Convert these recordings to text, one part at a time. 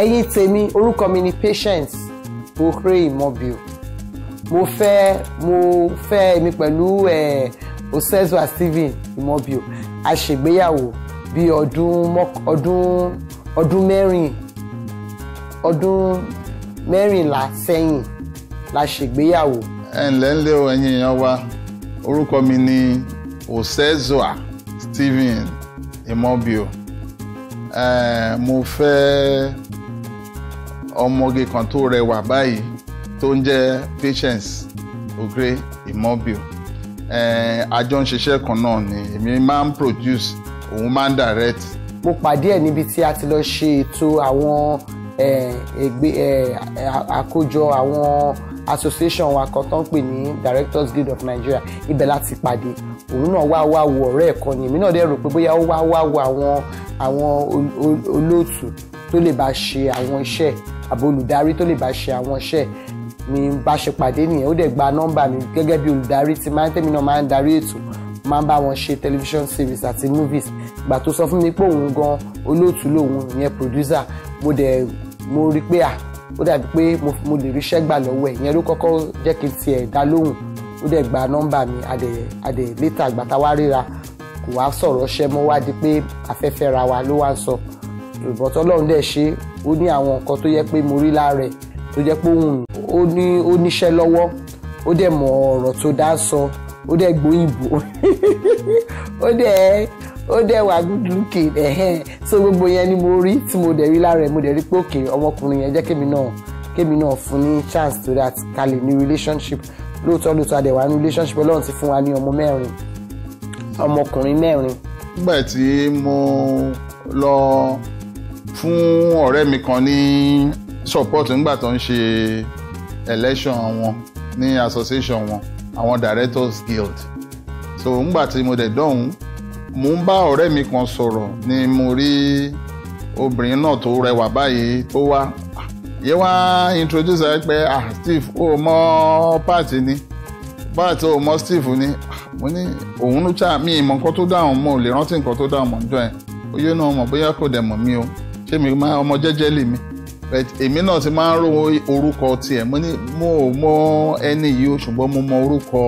ẹ̀yin tèmi orúkọ mi ni Patience Okorie-Immobile mo fẹ́ mo fẹ́ èmi pẹ̀lú ẹ̀ Osezua Stephen Immobile a ṣègbéyàwó bíi ọdún ọdún ọdún mẹ́rin ọdún mẹ́rìnlá sẹ́yìn la ṣègbéyàwó. ẹ ǹlẹ́ ń lé o ẹ̀yin èèyàn wa orúkọ mi ni Osezua Stephen Immobile mo fẹ́ ọmọge kan tó rẹwà báyìí tó ń jẹ́ Patience Ogre Immobile àjọ ń ṣiṣẹ́ kan náà ni èmi máa ń produce òun máa ń direct. mo pàdé ẹ̀ níbi tí a ti lọ ṣe ètò àwọn àkójọ àwọn association wa kan tó ń pè ní Directors Guild of Nigeria ibẹ̀ láti pàdé òun náà wá wá wo ọ̀rẹ́ ẹ̀kọ́ ni èmi náà dẹ̀ rò pé bóyá ó wá wá wo àwọn àwọn olóòtú tó lè bá ṣe àwọn iṣẹ́ àbí olùdarí tó lè bá ṣe àwọn iṣẹ́ ni bá ṣe pàdé nìyẹn ó dẹ̀ gba nọ́mbà mi gẹ́gẹ́ bí olùdarí tí máa ń tẹ̀mí náà máa ń darí ètò máa ń bá wọn ṣe television series àti movies ìgbà tó sọ fún mi pé òun gan olóòtú lòun ìyẹn producer mo dẹ̀ mo rí pé à ó dàbí pé mo lè ríṣẹ́ gbà lọ́wọ́ ẹ̀ ìyẹn ló kọ́kọ́ jẹ́ kí n tiẹ̀ dá lóhùn ó dẹ̀ gba nọ́mbà mi adẹ̀ adẹ̀ létà àgbàtà wá ríra kò wá sọ̀rọ̀ ṣẹ́ mọ́ wá di pé afẹ́fẹ́ ra wa ló wá ń sọ. So but ọlọ́run dẹ̀ ṣe ó ní àwọn nǹkan tó yẹ pé mo rí lára ẹ̀ tó jẹ́ pé òun ó ní ó níṣẹ́ lọ́wọ́ ó dẹ̀ mọ ọ̀rọ̀ tó dá sọ ó dẹ̀ gbóyìnbó ó dẹ̀ ó dẹ̀ wà good looking ẹ̀hẹ́n so gbogbo yẹn ni mo rí tí mo dẹ̀ rí lára ẹ̀ mo dẹ̀ rí pé òkè ọmọkùnrin yẹn jẹ́ kémi náà kémi náà fún ní chance to that ká lè ní relationship lóòótọ́ lóòótọ́ adẹ̀ wà ní relationship ọlọ́run ti fún wa ní ọmọ mẹ́rin ọmọkùnrin mẹ́rin. nígbà tí mo lọ. Lo fún ọ̀rẹ́ mi kan ní support ńgbà tó ń ṣe election wọn ní association wọn àwọn directors guild so ńgbà tí mo dẹ̀ dọ̀hún mo ń bá ọ̀rẹ́ mi kan sọ̀rọ̀ ni mo rí obìnrin náà tó rẹwà báyìí tó wá yẹ wá introduce ẹ pé ah steve ó mọ pààtì ni pààtì ó mọ steve ni ah, mo ní òun ló ṣáà mi ìmọ̀ nǹkan tó dáhùn mo lè rántí nǹkan tó dáhùn mọ́ níjọ́ yẹn oyè náà mọ̀ bóyá kò dẹ̀ mọ̀ mí o ṣé mi máa ọmọ jẹ́jẹ́ lè mi but èmi náà ti máa ń ro orúkọ tiẹ̀ mo ní mo ò mọ ẹni yìí o ṣùgbọ́n mo mọ orúkọ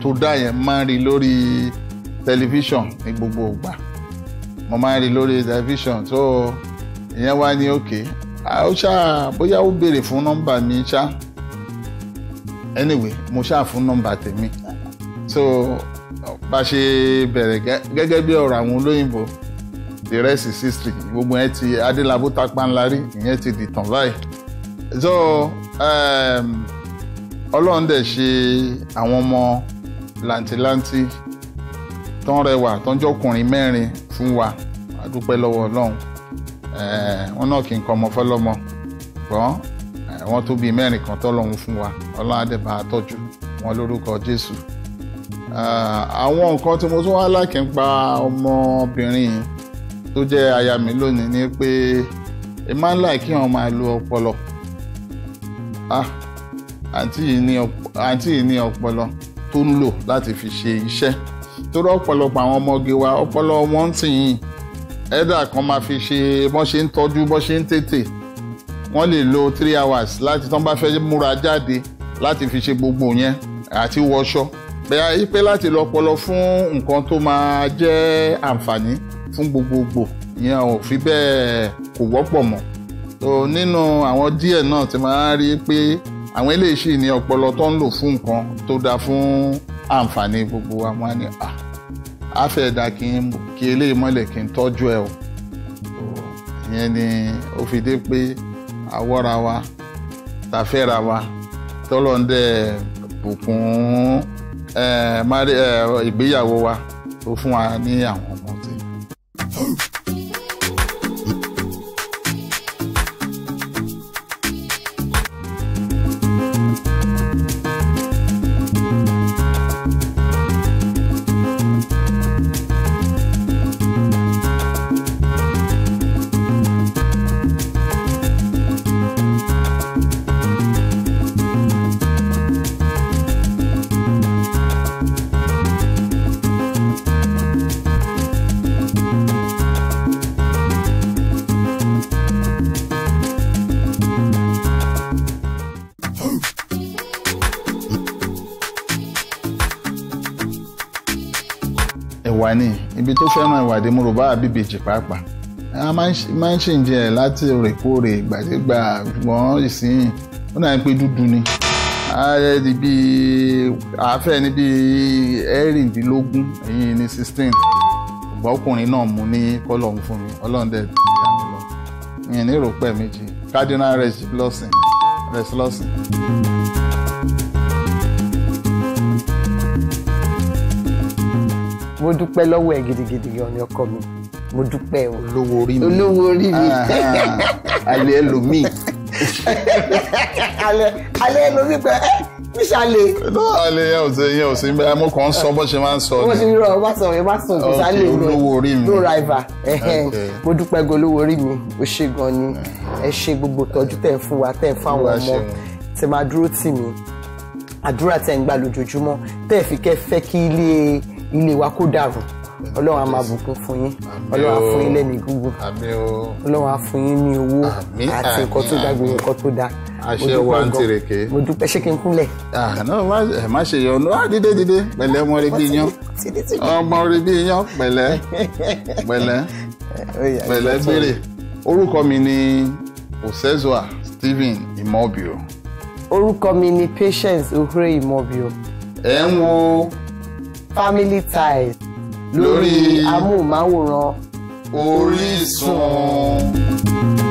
tó dá yẹn máa ń rí lórí tẹlifíṣàn ní gbogbo ìgbà mo máa ń rí lórí tẹlifíṣàn tó ìyẹn wá ní òkè ó ṣáà bóyá ó béèrè fún nọ́mbà mi ṣá anyway mo ṣáà fún nọ́mbà tèmi so bá ṣe bẹ̀rẹ̀ gẹ́gẹ́ bí ọ̀rọ̀ àwọn olóyìnbó The rest ìrẹsì sixty gbogbo yẹn ti adélabó tapá ńlá rí ìyẹn ti dìtàn báyìí so um, ọlọ́run dẹ̀ ṣe àwọn ọmọ làǹtìlanti tán rẹwà tán jọkùnrin mẹ́rin fún wa a dúpẹ́ lọ́wọ́ ọlọ́run eh, wọn náà kì í kọ́ ọmọ fọlọ́mọ ṣùgbọ́n eh, wọn tó bíi mẹ́rin kan tọ́lọ́run fún wa ọlọ́run á dẹ̀ bá a tọ́jú wọn lórúkọ jésù eh, àwọn nǹkan tí mo tún wá láàkì ń pa ọmọbìnrin tó jẹ́ aya mi lónìí ni pé ẹ máa ń láì kí wọn máa lo ọpọlọ ah àǹtí yìí ní ọpọlọ tó ń lò láti fi ṣe iṣẹ́ torí ọ̀pọ̀lọpọ̀ àwọn ọmọge wa ọpọlọ wọn ń tìyìn ẹ̀dà kan máa fi ṣe bọ́n ṣe ń tọ́jú bọ́n ṣe ń tètè wọ́n lè lo three hours láti tán bá fẹ́ múra jáde láti fi ṣe gbogbo yẹn àti wọṣọ bẹ́ẹ̀ pé láti lọ ọpọlọ fún nǹkan tó máa jẹ́ àǹfààní fún gbogbogbò ìyẹn ò fi bẹ́ẹ̀ kò wọ́pọ̀ mọ́ so nínú àwọn díẹ̀ náà ti máa ń rí pé àwọn eléyìí sì ní ọpọlọ tó ń lò fún nǹkan tó dáa fún àǹfààní gbogbo àwọn àni àfẹ́ dá kí eléyìí mọ́lẹ̀ kí n tọ́jú ẹ o ìyẹn ni ó fi dé pé àwọ̀ra wa tàfẹ́ra wa tọ́lọ́ ń dẹ́ bùkún ìgbéyàwó wa tó fún wa ní àwọn. ẹ̀wà ni ibi tó fẹ́ràn ẹ̀wà dé mùrùbá àbíbèjì pàápàá a máa ń ṣèǹjẹ láti òrèkóòrè ìgbàdégbà gbọ́n ìsìn ó náà ń pé dúdú ni bí àáfẹ́ ní bí ẹ̀rìndínlógún ẹ̀yìn ní sixteen ṣùgbọ́n náà mú ní kọ́lọ̀mù fún mi ọlọ́run dẹ̀ ìyẹn ní ìròpẹ́ méjì cardinal rest blessing rest blessing. mo dúpẹ́ lọ́wọ́ ẹ̀ gidigidi gan ọkọ mi mo dúpẹ́ o. olówó orí mi olówó orí mi. alẹ́ lomi. alẹ́ alẹ́ lomi pẹ́ ẹ́ nísàlẹ̀. nísàlẹ̀ yẹn ò sí yẹn ò sí mo kàn ń sọ bó ṣe máa ń sọ bó ṣe ń ọ bá sọ ẹ bá sọ nísàlẹ̀ ló olówó orí mi ló raiva mo dúpẹ́ gan olówó orí mi ó ṣe gan ni ẹ ṣe gbogbo tọ́jú tẹ̀ fún wa tẹ̀ fún àwọn ọmọ tẹ̀ máa dúró tì mí àdúrà tẹ̀ ń gbà lójoojúmọ́ tẹ̀ fi kẹ́ fẹ́ kí ilé ilé wa kó dàrú ọlọ́run á máa bùkún fún yín ọlọ́run á fún yín lẹ́mìí gúngùn ọlọ́run á fún yín ní owó àti nǹkan tó dáa gbogbo nǹkan tó dáa àṣẹ wa ń tèrèké mo dúpẹ́ ṣé kí n kúnlẹ̀. àná ah, má ṣe yọnu á ah, dídé dídé pẹ̀lẹ́ ọmọ rẹ bí yan ọmọ rẹ bí yan pẹ̀lẹ́ pẹ̀lẹ́ pẹ̀lẹ́ gbére orúkọ mi ni Osezua Stephen Imobio. orúkọ mi ni Patience Ohure Imobio. ẹ ń wo family ties lórí amóhùnmáwòrán Orísun.